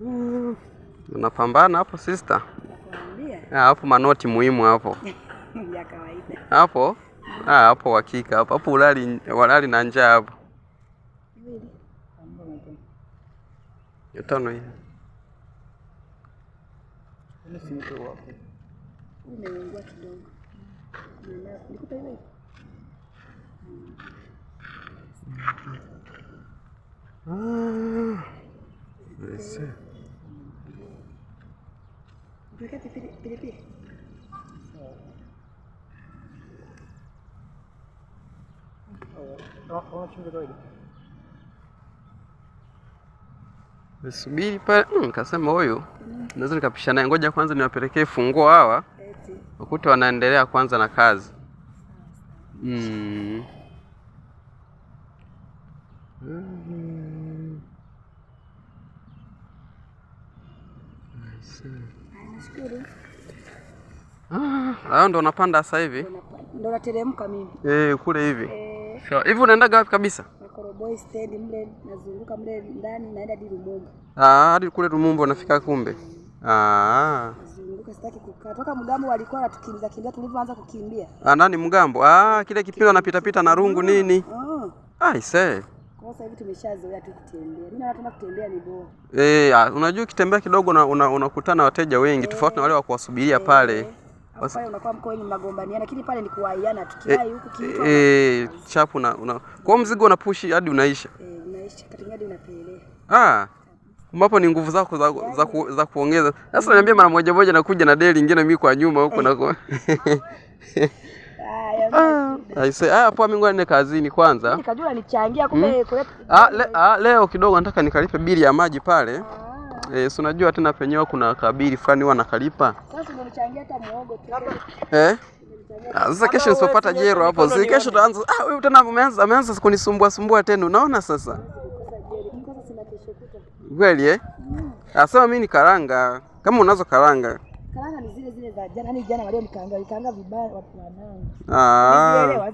Mm-hmm. Unapambana hapo sister? Ah, hapo manoti muhimu hapo. Ya kawaida. Hapo? Ah, hapo hakika hapo. Hapo ulali walali na njaa hapo. Yatano hii. Nilikuwa Vese. Kuweka pilipili. Nisubiri pale hmm, nikasema, huyu naweza nikapisha naye, ngoja kwanza niwapelekee funguo hawa, ukuta wanaendelea kwanza na kazi mm. Ah, ndo unapanda sasa hivi? Ndo nateremka mimi. Eh, kule hivi. Eh. Sawa. Hivi unaenda wapi kabisa? Koroboi stand mle nazunguka mle ndani naenda hadi Lumumba. Ah, hadi kule Lumumba unafika kumbe. Ah. Nazunguka sitaki kukaa. Toka Mgambo walikuwa wanatukimbiza kimbia tulivyoanza kukimbia. Ah, nani Mgambo? Ah, kile kipindi wanapita pita na rungu nini? Ah. Ah, isee. Sasa hivi tumeshazoea tu kutembea. Mimi naona kutembea ni bora. Eh, ah, unajua ukitembea kidogo unakutana una, una wateja wengi e, tofauti na wale wa kuwasubiria e, pale. Basi unakuwa mko wenye mnagombania lakini pale ni kuwaiana tukiwai eh, huku kiitwa. Eh, chapu na una, kwa mzigo una unapushi hadi unaisha. Eh, unaisha katika hadi unapelea. Ah. Ambapo ni nguvu zako za, za, ku, za kuongeza. Sasa niambie mara moja moja nakuja na deli nyingine mimi kwa nyuma huko na kwa Ah, ah, hapo mimi ngoja nne kazini kwanza. Nikajua nichangia hmm? kumbe ah, le, ah, leo kidogo nataka nikalipe bili ya maji pale. Ah. Eh, si unajua tena penyewe kuna kabili fulani huwa nakalipa. Sasa umenichangia hata muogo tu. Eh? Ah, sasa kesho nisipopata jero hapo. Si kesho utaanza ah wewe tena umeanza, ameanza kunisumbua sumbua tena. Unaona sasa? Kweli eh? Mm. Asema ah, mimi ni karanga. Kama unazo karanga. Karanga ni jana, jana walio nikaanga vibaya wanangu. Ah.